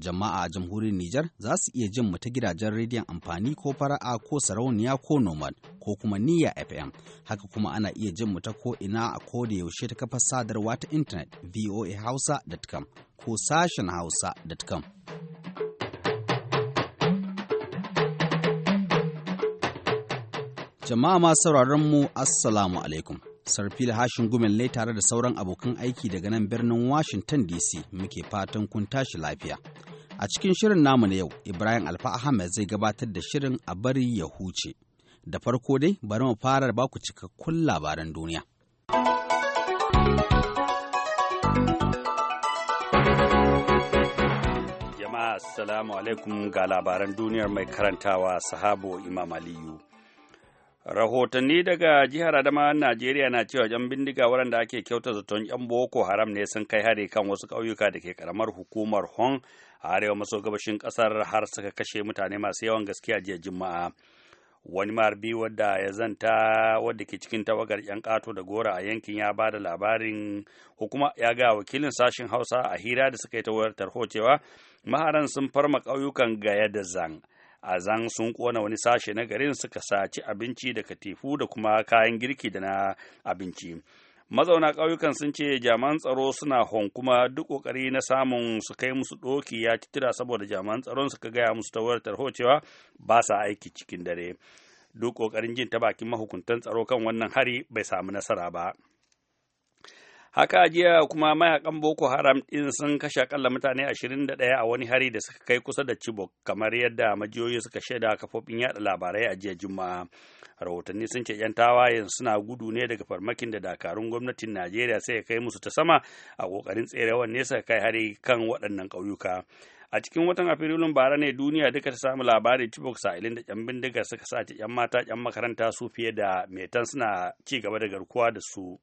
jama'a a jamhuriyar Nijar za su iya jin mu ta gidajen rediyon amfani ko fara'a ko sarauniya ko nomad ko kuma Niya FM. Haka kuma ana iya jin mu ta ko ina a ko da yaushe ta kafar sadarwa ta intanet voahausa.com ko sashen hausa.com. Jama'a ma sauraron mu Assalamu alaikum. sarfil hashin gumin lai tare da sauran abokan aiki daga nan birnin washington dc muke fatan kun tashi lafiya A cikin shirin namu na yau, Ibrahim Alfa Ahmed zai gabatar da shirin a bari ya huce. Da farko dai, bari mu fara baku cikakkun labaran duniya. Jama'a Assalamu alaikum ga labaran duniyar mai karantawa sahabo Imam Aliyu. rahotanni daga jihar adama najeriya na cewa yan bindiga waɗanda ake kyauta zaton yan boko haram ne sun kai hari kan wasu ƙauyuka da ke ƙaramar hukumar hong a arewa maso gabashin kasar har suka kashe mutane masu yawan gaskiya jiya juma'a wani marbi wadda ya zanta wadda ke cikin tawagar 'yan kato da gora a yankin ya ba da labarin hukuma ya ga wakilin sashen hausa a hira da suka yi ta wayar tarho cewa maharan sun farma ƙauyukan gaya da zang a zan sun kona wani sashe na garin suka saci abinci da katifu da kuma kayan girki da na abinci mazauna ƙauyukan sun ce jaman tsaro suna honkuma duk ƙoƙari na samun su kai musu ɗoki ya titira saboda jaman tsaron suka gaya musu ta wayar cewa ba sa aiki cikin dare duk ƙoƙarin jin ta bakin mahukuntan tsaro kan wannan hari bai samu nasara ba. haka jiya kuma mayakan boko haram din sun kashe akalla mutane 21 a wani hari da suka kai kusa da chibok kamar yadda majiyoyi suka shaida kafofin yada labarai a jiya juma'a rahotanni sun ce yan tawayen suna gudu ne daga farmakin da dakarun gwamnatin najeriya sai ya kai musu ta sama a kokarin tserewar ne suka kai hari kan waɗannan ƙauyuka a cikin watan afrilun bara ne duniya duka ta samu labarin chibok sa'ilin da yan bindiga suka sace yan mata yan makaranta su fiye da metan suna ci gaba da garkuwa da su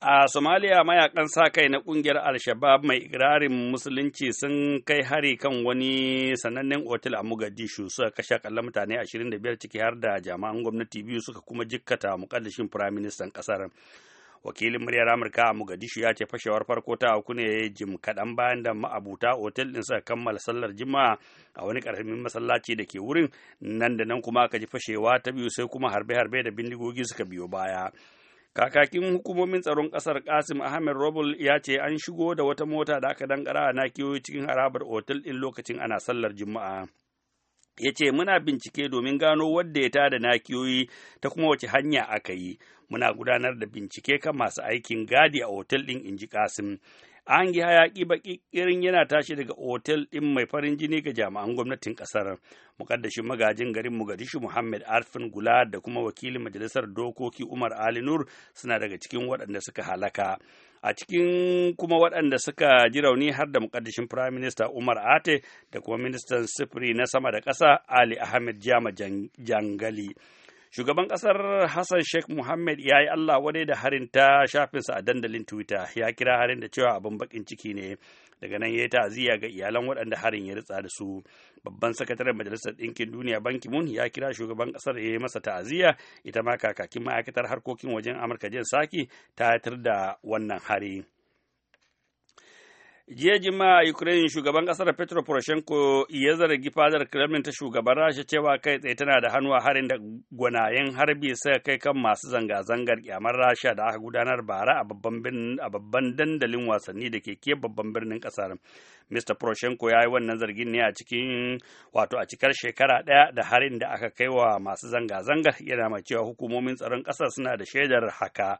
A Somalia mayakan sa-kai na kungiyar Al-Shabaab mai ikirarin musulunci sun kai hari kan wani sanannen otal a Mogadishu suka kashe akalla mutane 25 ciki har da jama'an gwamnati biyu suka kuma jikkata mukaddashin firaministan ƙasar. Wakilin muryar Amurka a Mogadishu ya ce fashewar farko ta auku ne jim kaɗan bayan da ma'abuta otal ɗin suka kammala sallar jima'a a wani ƙarfin masallaci da ke wurin nan da nan kuma aka ji fashewa ta biyu sai kuma harbe-harbe da bindigogi suka biyo baya. kakakin hukumomin tsaron kasar kasim ahmed robul ya ce an shigo da wata mota da aka dankara a nakiyoyi cikin harabar otal din lokacin ana sallar juma'a ya ce muna bincike domin gano wadda ya tada nakiyoyi ta kuma wace hanya aka yi muna gudanar da bincike kan masu aikin gadi a otal din ji kasim an yi hayaki baƙi irin yana tashi daga otel ɗin mai farin jini ga jami'an gwamnatin ƙasar mukaddashin magajin garin mogadishu muhammad arfin gula da kuma wakilin majalisar dokoki umar ali nur suna daga cikin waɗanda suka halaka a cikin kuma waɗanda suka ji rauni har da mukaddashin prime minister umar ate da kuma ministan sifiri na sama da ƙasa ali ahmed jama jangali Shugaban ƙasar Hassan Sheikh Mohammed ya yi Allah wadai da harin ta shafinsa a dandalin Twitter ya kira harin da cewa abin bakin ciki ne. Daga nan ya yi ta'aziyya ga iyalan waɗanda harin ya ritsa da su. Babban sakataren Majalisar Ɗinkin Duniya banki mun ya kira shugaban ƙasar ya yi masa ta'aziyya ita ma kakakin ma'aikatar harkokin wajen Amurka jin Saki ta da wannan hari. jiya jima'a ukraine shugaban kasar petro poroshenko ya zargi fadar kremlin ta shugaban rasha cewa kai tsaye tana da hannu a harin da gwanayen harbi sai kai kan masu zanga-zangar kyamar rasha da aka gudanar bara a babban dandalin wasanni da ke ke babban birnin kasar mr poroshenko ya yi wannan zargin ne a cikin wato a cikar shekara ɗaya da harin da aka kai wa masu zanga-zangar yana mai cewa hukumomin tsaron kasar suna da shaidar haka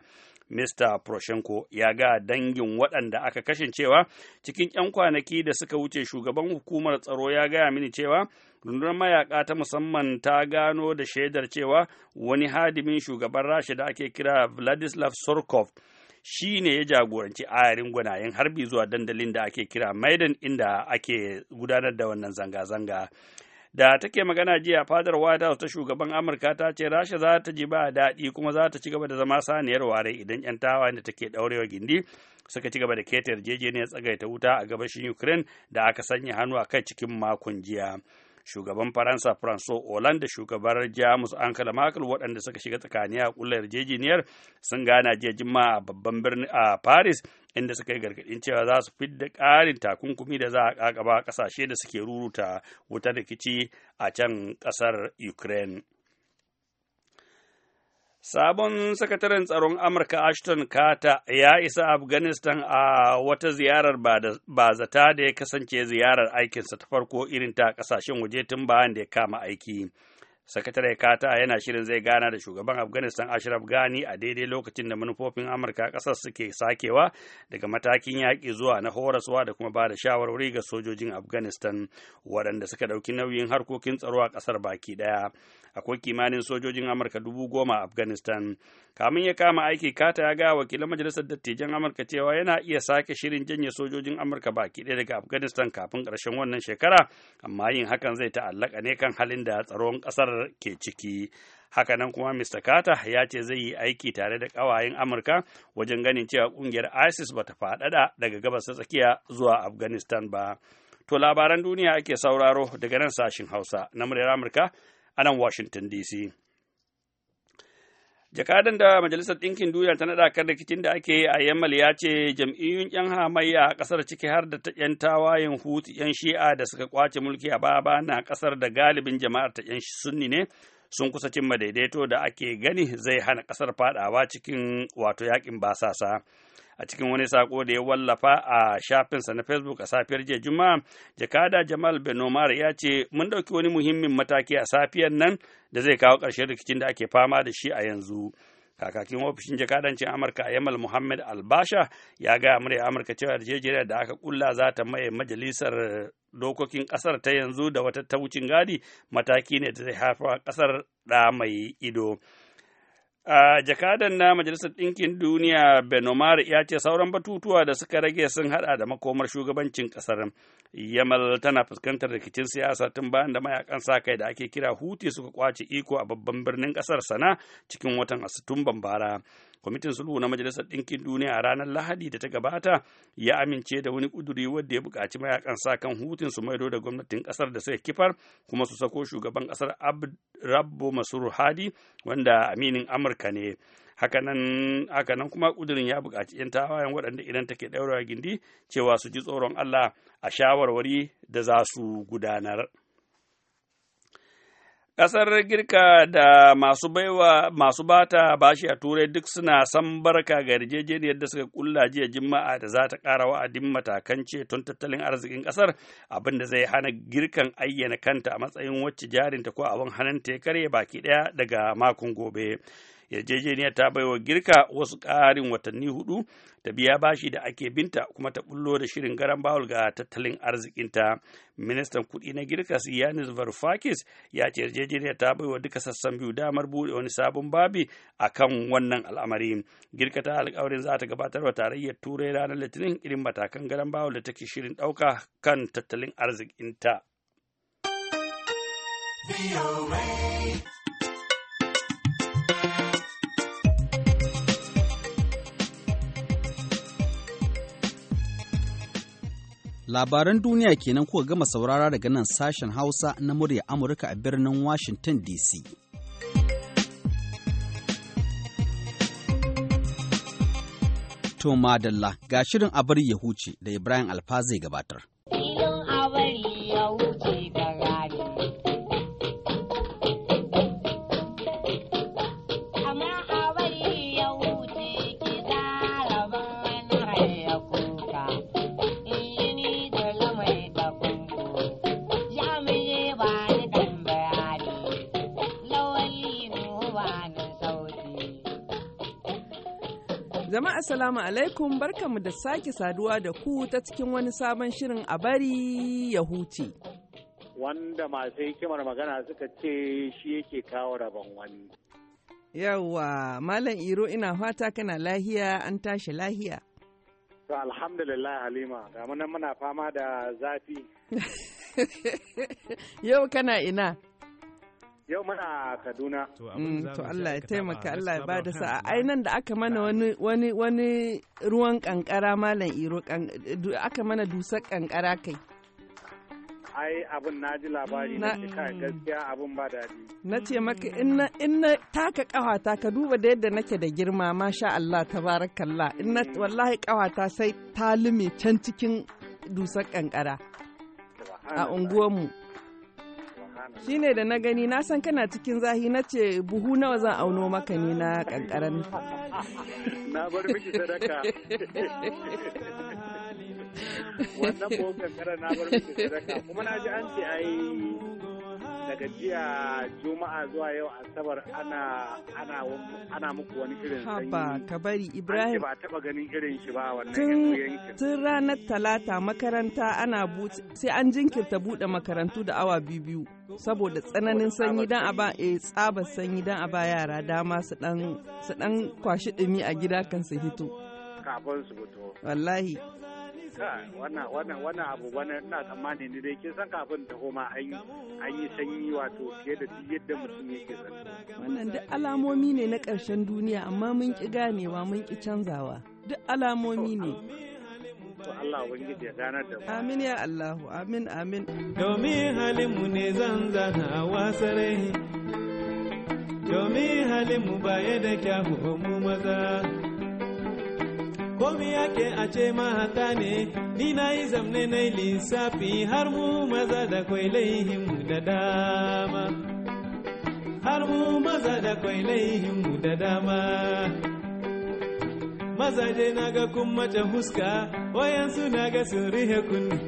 mista Poroshenko ya ga dangin waɗanda aka kashin cewa cikin 'yan kwanaki da suka wuce shugaban hukumar tsaro ya gaya mini cewa rundunar mayaka ta musamman ta gano da shaidar cewa wani hadimin shugaban rasha da ake kira Vladislav Surkov shi ne ya jagoranci ayarin gwanayen harbi zuwa dandalin da ake kira Maidan inda ake gudanar da wannan zanga-zanga. da take magana jiya fadar White House ta shugaban Amurka ta ce Rasha za ta ji ba daɗi kuma za ta ci gaba da zama saniyar ware idan 'yan tawayen da take ɗaurewa gindi suka ci gaba da keta yarjejeniyar tsagaita wuta a gabashin Ukraine da aka sanya hannu a kai cikin makon jiya. Shugaban Faransa François Hollande da shugabar Jamus Angela Merkel waɗanda suka shiga tsakaniya a ƙullar yarjejeniyar sun gana jiya Juma'a a babban birni a Paris inda suka yi gargaɗin cewa za su fidda ƙarin takunkumi da za a ƙaƙaba ƙasashe da suke ruruta wuta rikici a can ƙasar ukraine Sabon sakataren tsaron Amurka Ashton Carter ya isa Afghanistan a wata ziyarar ba zata da ya kasance ziyarar aikinsa ta farko irin ta kasashen waje tun bayan da ya kama aiki. sakatare kata yana shirin zai gana da shugaban afghanistan ashraf ghani a daidai lokacin da manufofin amurka kasar suke sakewa daga matakin yaƙi zuwa na horaswa da kuma ba da shawarwari ga sojojin afghanistan waɗanda suka ɗauki nauyin harkokin tsaro a kasar baki ɗaya akwai kimanin sojojin amurka dubu goma a afghanistan kamin ya kama aiki kata ya gaya wakilin majalisar dattijan amurka cewa yana iya sake shirin janye sojojin amurka baki ɗaya daga afghanistan kafin ƙarshen wannan shekara amma yin hakan zai ta'allaka ne kan halin da tsaron ƙasar ke ciki hakanan kuma mr carter ya ce zai yi aiki tare da ƙawayen amurka wajen ganin cewa ƙungiyar isis bata faɗaɗa daga gabas ta tsakiya zuwa afghanistan ba to labaran duniya ake sauraro daga nan sashin hausa na muryar amurka a nan washington dc jakadan da majalisar ɗinkin duniya ta naɗa kan rikicin da ake yi a yammal ya ce jam'iyyun 'yan hamayya a ƙasar ciki har da ta 'yan tawayen hutu 'yan shi'a da suka kwace mulki a baba na ƙasar da galibin jama'ar ta 'yan sunni ne sun kusa cimma daidaito da ake gani zai hana ƙasar faɗawa cikin wato yakin basasa. a cikin wani sako da ya wallafa a shafinsa na facebook a safiyar jiya juma'a jakada jamal ben omar ya ce mun ɗauki wani muhimmin mataki a safiyar nan da zai kawo ƙarshen rikicin da ake fama da shi a yanzu kakakin ofishin jakadancin amurka a yamal muhammad albasha ya gaya murya amurka cewa yarjejeniyar da aka kulla za ta maye majalisar dokokin kasar ta yanzu da wata ta wucin gadi mataki ne da zai haifa kasar da mai ido a jakadan na majalisar ɗinkin duniya benomar ya ce sauran batutuwa da suka rage sun hada da makomar shugabancin ƙasar yamal tana fuskantar rikicin siyasa tun bayan da mayakan sa kai da ake kira huti suka kwace iko a babban birnin ƙasar sana cikin watan asitumban Bambara. kwamitin sulhu na majalisar ɗinkin duniya a ranar lahadi da ta gabata ya amince da wani kuduri wadda ya buƙaci mayakan sa kan hutun su maido da gwamnatin ƙasar da suka kifar kuma su sako shugaban ƙasar rabbo masur hadi wanda aminin amurka ne hakanan hakanan kuma kudirin ya buƙaci 'yan tawayen waɗanda idan take ɗaurawa gindi cewa su ji tsoron allah a shawarwari da za su gudanar. Ƙasar Girka da masu baiwa masu bata bashi a Turai duk suna san barka ga yarjejeniyar da suka kulla jiya Juma'a da za ta ƙara wa'adin matakan ceton tattalin arzikin ƙasar abin da zai hana Girkan ayyana kanta a matsayin wacce jarinta ko abin hananta ya karye baki ɗaya daga makon gobe. yarjejeniyar ta baiwa girka wasu ƙarin watanni hudu ta biya bashi da ake binta kuma ta bullo da shirin garan bawul ga tattalin arzikinta ministan kuɗi na girka yanis varoufakis ya ce yarjejeniyar ta baiwa duka sassan biyu damar buɗe wani sabon babi a kan wannan al'amari girka ta alkawarin za ta gabatar wa tarayyar turai ranar litinin irin matakan garan bawul da take shirin ɗauka kan tattalin arzikinta. Labaran duniya kenan kuka gama saurara daga nan sashen Hausa na murya Amurka a birnin Washington DC. To madalla ga shirin a bari ya huce da Ibrahim Alfa zai gabatar. Jama'a assalamu alaikum barkamu da sake saduwa da ku ta cikin wani sabon shirin a bari ya huce. Wanda masu hikimar magana suka ce shi yake kawo rabon wani. Yawwa, Malam Iro ina fata kana lahiya an tashi lahiya. To alhamdulillah Halima, ga muna fama da zafi. Yau kana ina? Yau muna Kaduna. To mm, Allah ya taimaka Allah ya bada sa'a. Ai nan da aka mana wani wani wani ruwan kankara malam Iro aka mana dusar kankara kai. ai abin na ji labari na gaskiya abin ba daɗi. Na ce maka in na taka ƙawata ka duba da yadda nake da girma masha Allah tabarakallah in na wallahi ƙawata sai ta lume can cikin dusar ƙanƙara a unguwarmu. shi ne da na gani na san kana cikin zahi na ce buhu nawa zan auno maka ne na kankaran na bar miki sadaka wannan buhun kankara na bar miki sadaka kuma na ji an ce ai daga jiya juma'a zuwa yau asabar ana ana ana muku wani irin sanyi haba ka bari ibrahim ba taba ganin irin shi ba wannan yankin tun ranar talata makaranta ana sai an jinkirta bude makarantu da awa biyu biyu saboda tsananin sanyi dan a ba e tsaba sanyi dan eh, a ba yara dama su dan su dan kwashi dumi a gida kan su hito kafin su fito wallahi wannan wannan wannan abu wani ina tsammani ne dai kin san kafin ta koma an an yi sanyi wato fiye da duk yadda mutum yake san wannan duk alamomi ne na ƙarshen duniya amma mun ki ganewa mun ki canzawa duk alamomi ne to Allah ubangiji ya ganar da mu amin ya Allahu amin amin domin halin mu ne zanzana wasare domin halin mu baya da kyawu mu maza komi yake a ce mahata ne ni na yi zamne na lissafi har mu maza da kwai mu da dama har mu maza da kwai mu da dama mazaje na ga kun mace huska wayansu na ga sun rihe kunni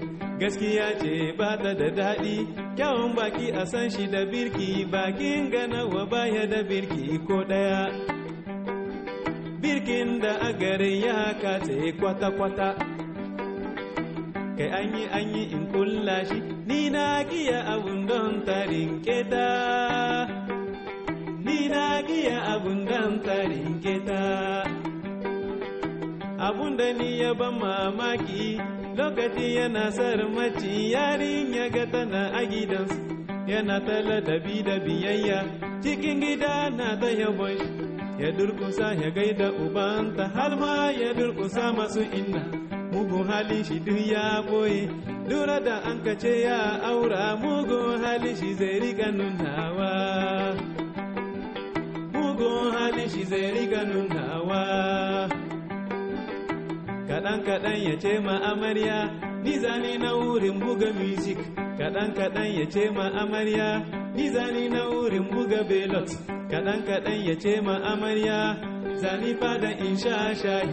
gaskiya ce ba ta da daɗi kyawun baki a san shi da birki bakin ganawa baya da birki ko ɗaya birkin da a garin ya kace kwata-kwata kai an yi an yi in kulla shi ni na giya abun don tarin keta ni na giya abun don tarin keta abun da ni ya ban mamaki lokaci yana mace yarin ya ga tana a gidansu yana tala dabi da biyayya cikin gida na ta yabon shi ya durkusa ya gaida ubanta har ma ya durkusa masu inna mugun hali shi duk ya boye lura da an kace ya aura mugun hali shi zai riga nunawa mugun hali shi zai riga nunawa kaɗan kaɗan ya ce ma amarya ni zani na wurin buga music kaɗan kaɗan ya ce ma amarya ni zani na wurin buga belot kaɗan kaɗan ya ce ma amarya zani fadan in sha shayi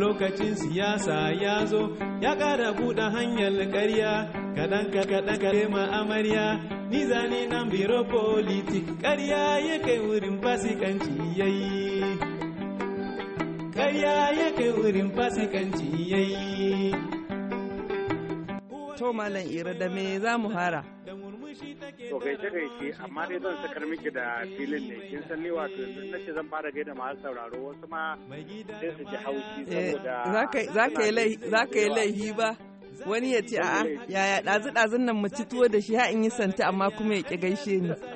lokacin siyasa ya zo ya ƙara buɗe hanyar ƙarya kaɗan kaɗan ce ma amarya ni zani nan biro politik ƙarya ya kai wurin fasikanci yayi ƙarya ya kai wurin fasikanci yayi to malam ira da me za mu hara To gaishe gaishe amma dai zan sakar miki da filin ne kin san ni wato yanzu nace zan fara gaida masu sauraro wasu ma sai su ji haushi eh, saboda zaka yi laihi ba. wani ya ce a'a yaya ɗazu ɗazun nan mu tuwo da shi ha in yi santa amma kuma ya ƙi gaishe ni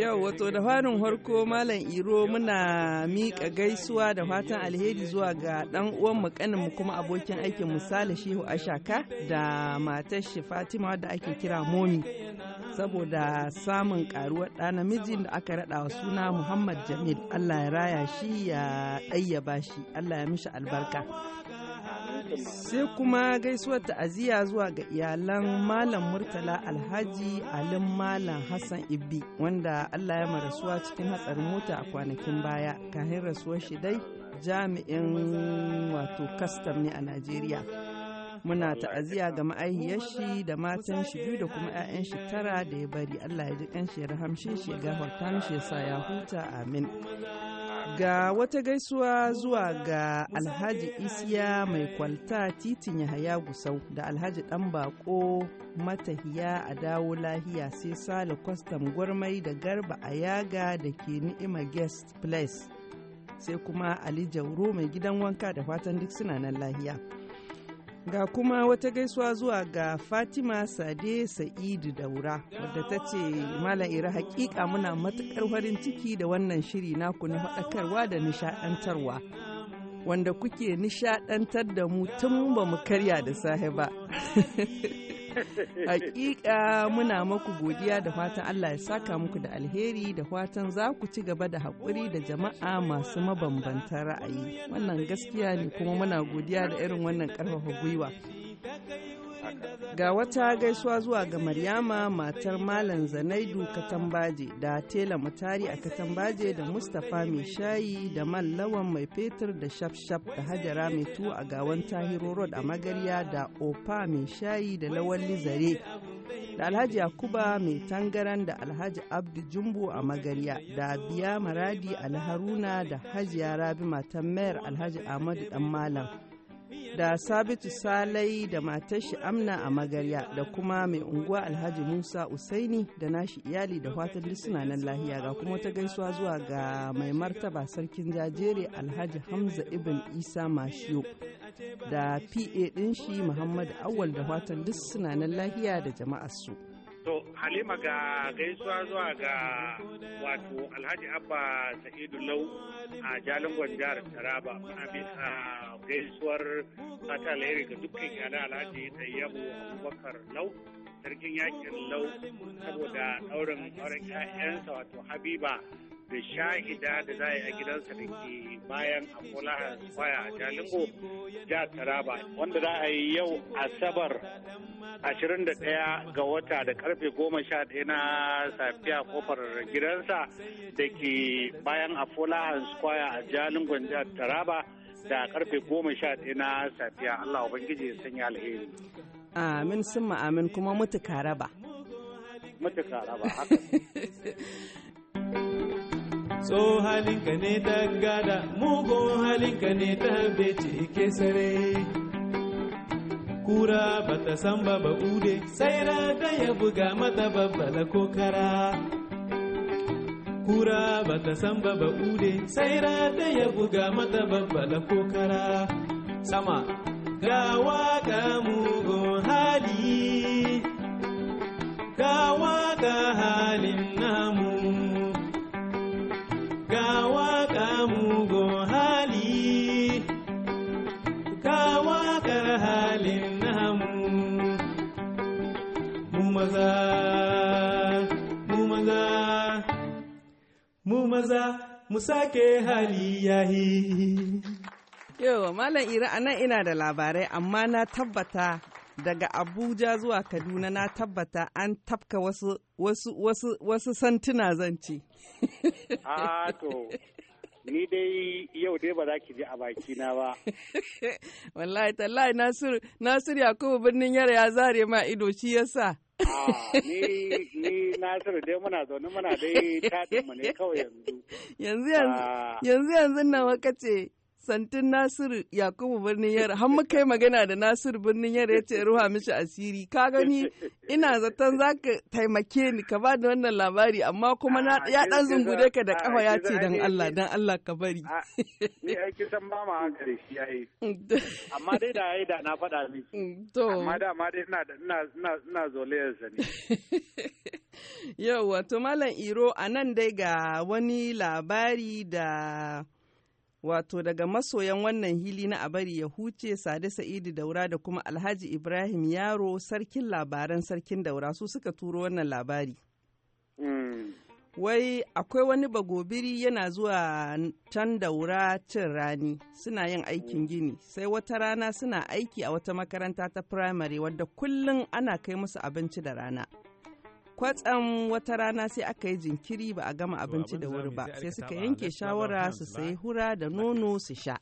yau wato da farin harko malam iro muna miƙa gaisuwa da fatan alheri zuwa ga ɗan uwan mu kanin mu kuma abokin aikin mu sale shehu ashaka da matar shi fatima da ake kira momi saboda samun karuwar ɗa namijin da aka raɗa suna muhammad jamil allah ya raya shi ya ɗayyaba shi allah ya mishi albarka sai kuma gaisuwar ta'aziyya zuwa ga iyalan malam murtala alhaji alim malam hassan ibbi wanda allah ya marasuwa cikin hatsarin mota a kwanakin baya kahin rasuwar shi dai jami'in wato kastam ne a najeriya muna ta'aziyya ga ma'aihiyar shi da matan shi biyu da kuma 'ya'yan shi tara da ya bari Allah ya ji kanshi ya rahamshe shi ya gafarta shi ya sa ya huta amin Ga wata gaisuwa zuwa ga Alhaji Isiya mai kwalta titin Yahaya Gusau da Alhaji ɗan bako matahiya a dawo lahiya sai Sale kwastam gwarmai da garba a yaga da ke ni'ima guest place sai kuma Ali Jauro mai gidan wanka da fatan duk suna nan lahiya. Ga kuma wata gaisuwa zuwa ga Fatima Sade Sa'idu Daura wadda ta ce Malam Ira hakika muna matukar farin ciki da wannan shiri naku na faɗakarwa da nishaɗantarwa. Wanda kuke nishaɗantar da mu tun ba mu karya da sahe ba. Hakika muna maku godiya da fatan Allah ya saka muku da alheri da fatan za ku ci gaba da haƙuri da jama'a masu mabambantan ra'ayi. Wannan gaskiya ne kuma muna godiya da irin wannan ƙarfafa gwiwa. Ga wata gaisuwa zuwa ga Maryama matar Malam Zanaidu Katambaje da Tela Mutari a Katambaje da Mustapha mai shayi da Mallawan mai fetur da shafshaf da Hajara mai tuwo a gawan Tahiro Road a Magarya da Opa mai shayi da Lawalli Zare. Da Alhaji Yakuba mai tangaran da Alhaji Abdu Jumbo a Magarya da Biya Maradi Alharuna da Hajiya Rabi matan Mayar Alhaji Ahmadu Dan Malam. da Sabitu Salai da matar shi Amna a Magarya da kuma mai unguwa Alhaji Musa Usaini da nashi iyali da fatan duk suna nan lahiya ga kuma ta gaisuwa zuwa ga mai martaba sarkin jajere Alhaji Hamza Ibn Isa Mashiyo da PA din shi Muhammad Awal da fatan duk suna nan lahiya da jama'ar su. To Halima ga gaisuwa zuwa ga wato Alhaji Abba Sa'idu Lau a Jalingon jihar Taraba a bisa gaisuwar fata alheri ga dukkan yana Alhaji Tayyabu Abubakar Lau sarkin yakin Lau saboda ɗaurin auren 'ya'yansa wato Habiba da shahida da za a gidansa da ke bayan amulaha kwaya a jalingo ja taraba wanda za a yi yau asabar 21 ga wata da karfe 11 na safiya kofar gidansa da ke bayan afolahan square a jalingon jihar taraba da karfe 11 na safiya allah ubangiji ya sanya alheri amin sun amin kuma mutu karaba mutu karaba haka so ne ta gada mugun halinka ne ta bece ke sare kura ba ta san ba ude sai da ya buga mata babbala ko kura ba ta san ba ba ude sai da ya buga mata babbala ko kara sama gawa ga mugun hali gawa ga hali maza mu sake hali yahi Yau, Malam Ira, anan ina da labarai, amma na tabbata daga Abuja zuwa Kaduna na tabbata an tafka wasu, wasu, wasu, wasu santuna zance. Ah, to, Ni dai yau dai ba za ki je a baki na ba. Wallahi tallahi Nasir Nasir Yakubu birnin Yara ya zare ma ido shi yasa. Ah, ni ni Nasiru dai muna zaune muna dai tadin mu ne kawai yanzu. Yanzu yanzu ah. nan wakace. ce santin Nasiru Yakubu birnin Yara har mu kai magana da Nasiru birnin Yara ya ce ruha mishi asiri ka gani ina zaton zaka taimake ni ka ba da wannan labari amma kuma ya dan zungude ka da kafa ya ce dan Allah dan Allah ka bari ni ai kisan ba ma hankali shi yayi amma dai da yayi da na faɗa miki to amma da amma dai ina ina ina ina zoliyar ne yau wato malam Iro anan dai ga wani labari da wato daga masoyan wannan hili na abari ya huce sade sa'idu daura da kuma alhaji ibrahim yaro sarkin labaran sarkin daura su suka turo wannan labari hmm. wai akwai wani bagobiri yana zuwa can daura cin rani suna yin aikin hmm. gini sai wata rana suna aiki a wata makaranta ta firamare wadda kullum ana kai musu abinci da rana kwatsam wata rana sai aka yi jinkiri ba a gama abinci da wuri ba sai suka yanke shawara su sayi hura da nono su sha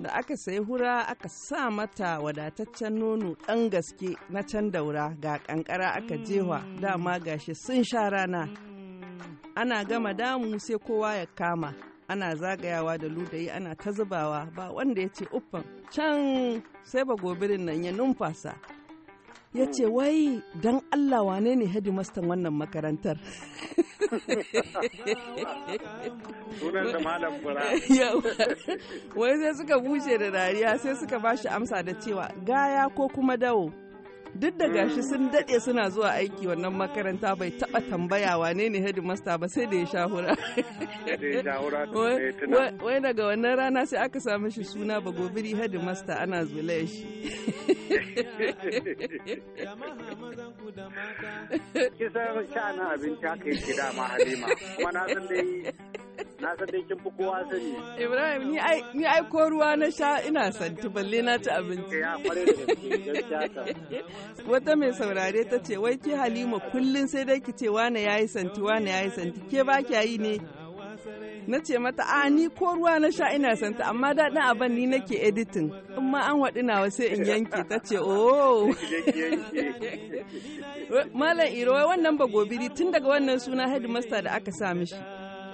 da aka sayi hura aka sa mata wadataccen nono ɗan gaske na can daura ga ƙanƙara aka jewa dama gashi sun sha rana ana gama damu sai kowa ya kama ana zagayawa da ludayi ana ta zubawa ba wanda ya ce uffan can sai ba gobirin nan ya numfasa ya ce wai don Allah wane ne hedimastan wannan makarantar wai sai suka bushe da dariya sai suka ba shi amsa da cewa gaya ko kuma dawo duk da gashi sun daɗe suna zuwa aiki wannan makaranta bai taɓa tambaya wane ne headmaster ba sai da ya sha hura wai daga wannan rana sai aka sami shi suna ba gobiri headmaster ana zula shi kisan na abinci aka yi gida ma halima kuma na Na san dai kin fi kowa sani. Ibrahim ni ai ni ai ko ruwa na sha ina santi balle na ci abinci. Wata mai saurare ta ce wai ki Halima kullun sai dai ki ce wane yayi santi wane yayi santi ke ba ki yi ne na ce mata a ni ko ruwa na sha ina santa amma daɗin abin ni nake editin in ma an waɗi wa sai in yanke ta ce o. Oh. malam iro wannan ba gobiri tun daga wannan suna headmaster da aka sa mishi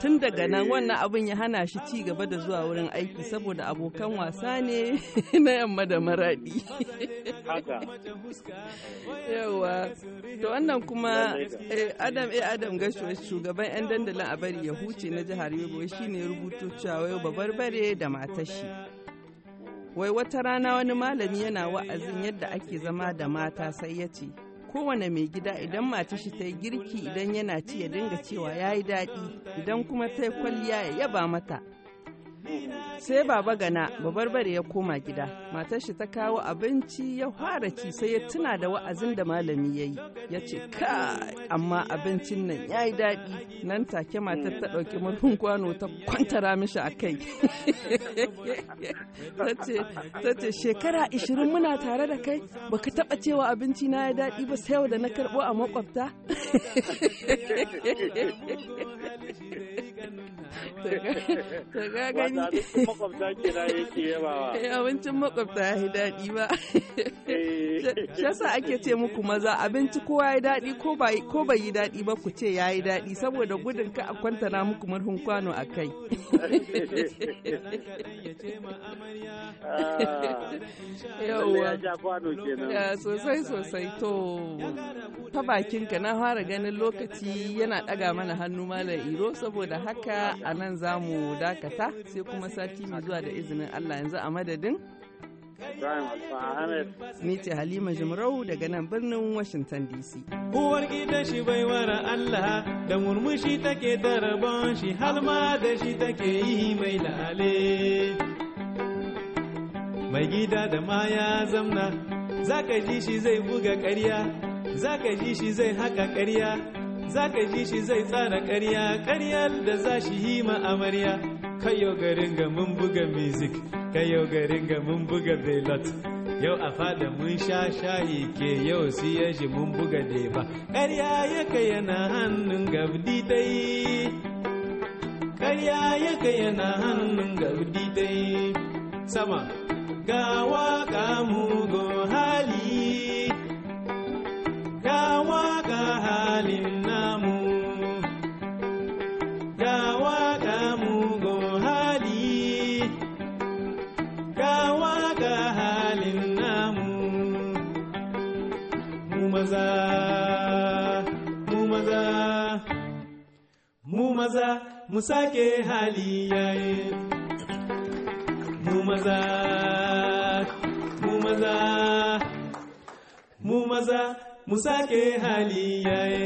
tun daga nan wannan abin ya hana shi ci gaba da zuwa wurin aiki saboda abokan wasa ne na yamma da maradi yawa to wannan kuma eh, adam a eh, adam gashuwa shugaban 'yan dandalin a bari ya huce na jihar yobe ne rubutu cewa yau bare da matashi wai wata rana wani malami yana wa'azin yadda ake zama da mata sai ya ce kowane mai gida idan mata shi ta yi girki idan yana ci ya dinga cewa ya yi daɗi idan kuma ta yi kwalliya ya yaba mata sai baba gana babarbare ya koma gida matar shi ta kawo abinci ya fara ci sai ya tuna da wa'azin da malami ya yi ya ce kai amma abincin nan ya yi daɗi nan take matar ta ɗauki murfin kwano ta kwantara mishi a kai ta ce shekara ishirin muna tare da kai baka taɓa cewa abinci na ya daɗi ba sai yau da na karɓo a makwabta to ga gani eh, abincin makwabta ya yi daɗi ba eh. shasa ake ce muku maza abinci ko ya yi daɗi ko bai yi daɗi ba ku ce ya yi daɗi saboda gudun ka a kwanta na muku murhun kwano a kai ah. sosai sosai to ta bakinka na fara ganin lokaci yana ɗaga mana hannu malam iro saboda haka a nan za mu dakata sai kuma sati mai zuwa da izinin Allah yanzu a madadin Ni ce Halima Jimarau daga nan birnin Washington DC. Uwar gidan shi bai wara Allah da murmushi take darabon shi halma da shi take yi mai lale. Mai gida da ma ya zamna, za ka ji shi zai buga karya za ka ji shi zai haka ƙarya. za ji shi zai tsara ƙarya ƙaryar da za shi yi ma amarya kayo garin ga mun buga music kayo garin ga mun buga belot yau a fada mun sha shayi ke yau ya shi mun buga deba ƙarya kaya yana hannun gabdi dai karya ya yana hannun gabdi dai sama ga waka mugo maza mu maza mu sake hali yaye mu maza mu maza mu maza mu sake hali yaye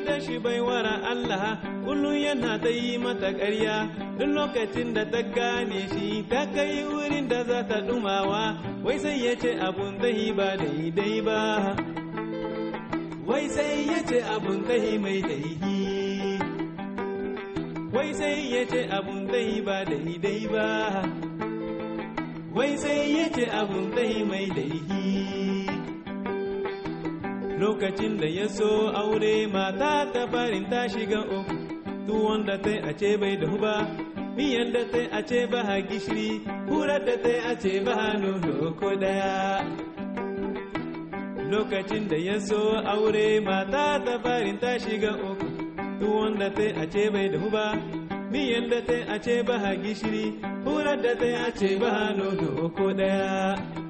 da shi wara Allah kullum yana ta yi mata ƙarya duk lokacin da ta gane shi ta kai wurin da za ta dumawa wai sai ya ce abun zai ba daidai ba wai sai ya ce abun zai mai daidai wai sai ya ce abun zai ba daidai ba wai sai ya ce abun zai mai daidai lokacin da ya so aure mata ta farin ta shiga uku tuwon wanda ta a ce bai dahu ba miyan da ta a ce ba ha gishiri hurar da ta a ce ba ha nono ko daya lokacin da ya so aure mata ta farin ta shiga uku tuwon wanda ta a ce bai dahu ba miyan da ta a ce ba ha gishiri hurar da ta a ce ba ha nono ko daya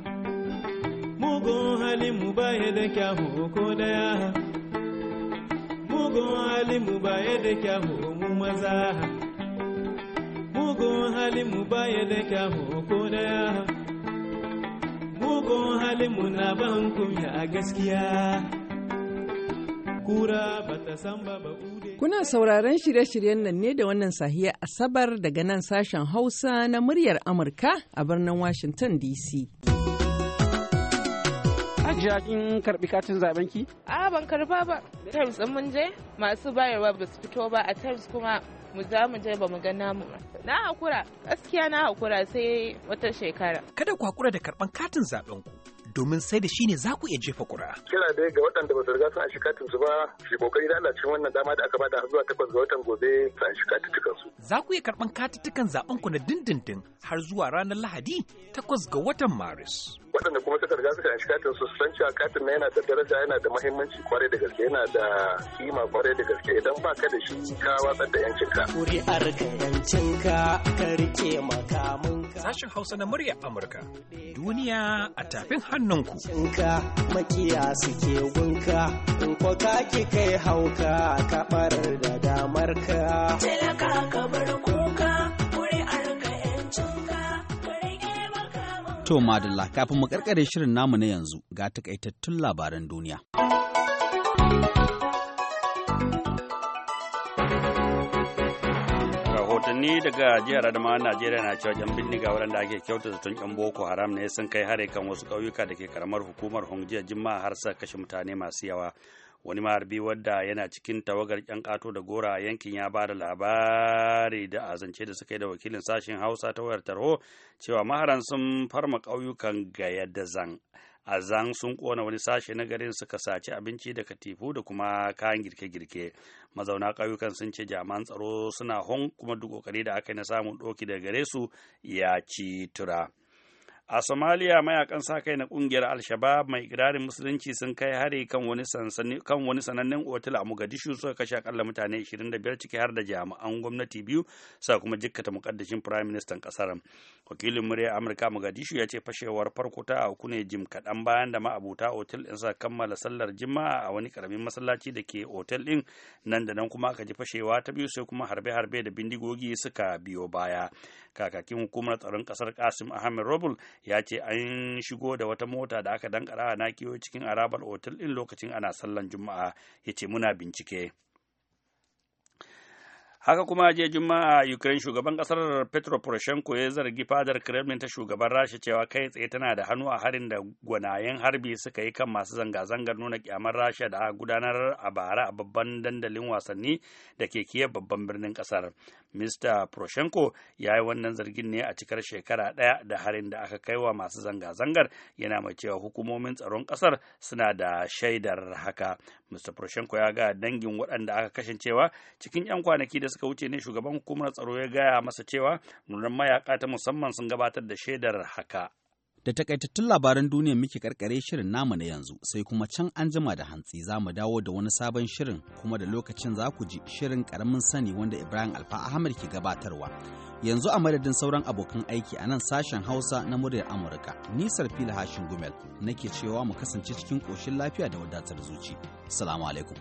mugun halin mu baya da kyawu ko daya mugun halin mu baya da kyawu mu maza mugun halin mu baya da kyawu ko daya mugun halin mu na ban kunya a gaskiya kura bata san ba ba Kuna sauraron shirye-shiryen nan ne da wannan sahiya Asabar daga nan sashen Hausa na muryar Amurka a birnin Washington DC. kin jira kin karbi katin zaben ki a ban karba ba terms din mun je masu bayarwa ba su fito ba a terms kuma mu za mu je ba mu ga namu ba na hakura gaskiya na hakura sai wata shekara kada ku hakura da karban katin zaben ku domin sai da shine za ku iya jefa kura. Kira dai ga waɗanda ba su riga sun shiga katin su ba, shi kokari da Allah cikin wannan dama da aka bada har zuwa takwas ga watan gobe su shiga katitukan su. Za ku iya karɓan katitukan zaɓen ku na dindindin har zuwa ranar Lahadi takwas ga watan Maris. waɗanda kuma suka riga suka shiga katin su san cewa katin na yana da daraja yana da mahimmanci kwarai da gaske yana da kima kwarai da gaske idan ba ka da shi ka watsar da yancinka. Kuri'ar ka yancinka ka rike ka? Sashen Hausa na murya Amurka. Duniya a tafin hannunku. Cinka makiya suke gunka in ko ka ki kai hauka ka barar da damar ka. ka bar ku To Madalla, kafin mu karkare shirin namu na yanzu ga takaitattun labaran duniya. Rahotanni daga jihar Adama Najeriya na cewa yan bindiga waɗanda ake kyauta zaton yan Boko Haram ne sun kai hare kan wasu ƙauyuka da ke karamar hukumar Hongjiya Jimma har sa kashe mutane masu yawa. wani maharbi wadda yana cikin tawagar yan kato da gora yankin ya ba da labari da azance da suka yi da wakilin sashen hausa ta wayar tarho cewa maharan sun farma ƙauyukan gaya da zan a zan sun ƙona wani sashe na garin suka saci abinci da katifu da kuma kayan girke-girke mazauna ƙauyukan sun ce jaman tsaro suna hon kuma duk ƙoƙari da aka yi na samun ɗoki daga gare su ya ci tura. a somaliya mayakan sa kai na kungiyar al shabaab mai ikirarin musulunci sun kai hari kan wani kan sanannen otal a mogadishu suka kashe akalla mutane 25 ciki har da jami'an gwamnati biyu sa kuma jikkata mukaddashin prime minister kasar wakilin murya amurka mogadishu ya ce fashewar farko ta auku ne jim kaɗan bayan da ma'abuta otal din sa kammala sallar jima'a a wani karamin masallaci da ke otal din nan da nan kuma aka ji fashewa ta biyu sai kuma harbe-harbe da bindigogi suka biyo baya kakakin hukumar tsaron kasar kasim ahmed robul ya ce an shigo da wata mota da aka dankara na kiyo cikin harabar otal din lokacin ana sallan juma'a ya ce muna bincike haka kuma jiya juma'a ukraine shugaban kasar petro poroshenko ya zargi fadar kremlin ta shugaban rasha cewa kai tsaye tana da hannu a harin da gwanayen harbi suka yi kan masu zanga-zangar nuna kyamar rasha da gudanar a bara a babban dandalin wasanni da ke kiyar babban birnin kasar mr poroshenko ya yi wannan zargin ne a cikar shekara daya da harin da aka kai wa masu zanga-zangar yana mai cewa hukumomin tsaron kasar suna da shaidar haka mr poroshenko ya ga dangin waɗanda aka kashin cewa cikin 'yan kwanaki da suka wuce ne shugaban hukumar tsaro ya gaya masa cewa nunar mayaka ta musamman sun gabatar da shaidar haka. Da takaitattun labaran duniya muke karkare shirin namu na yanzu sai kuma can an jima da hantsi za mu dawo da wani sabon shirin kuma da lokacin za ku ji shirin karamin sani wanda Ibrahim Alfa Ahmad ke gabatarwa. Yanzu a madadin sauran abokan aiki a nan sashen Hausa na muryar Amurka, nisar fila hashin gumel nake cewa mu kasance cikin ƙoshin lafiya da wadatar zuci. Salamu alaikum.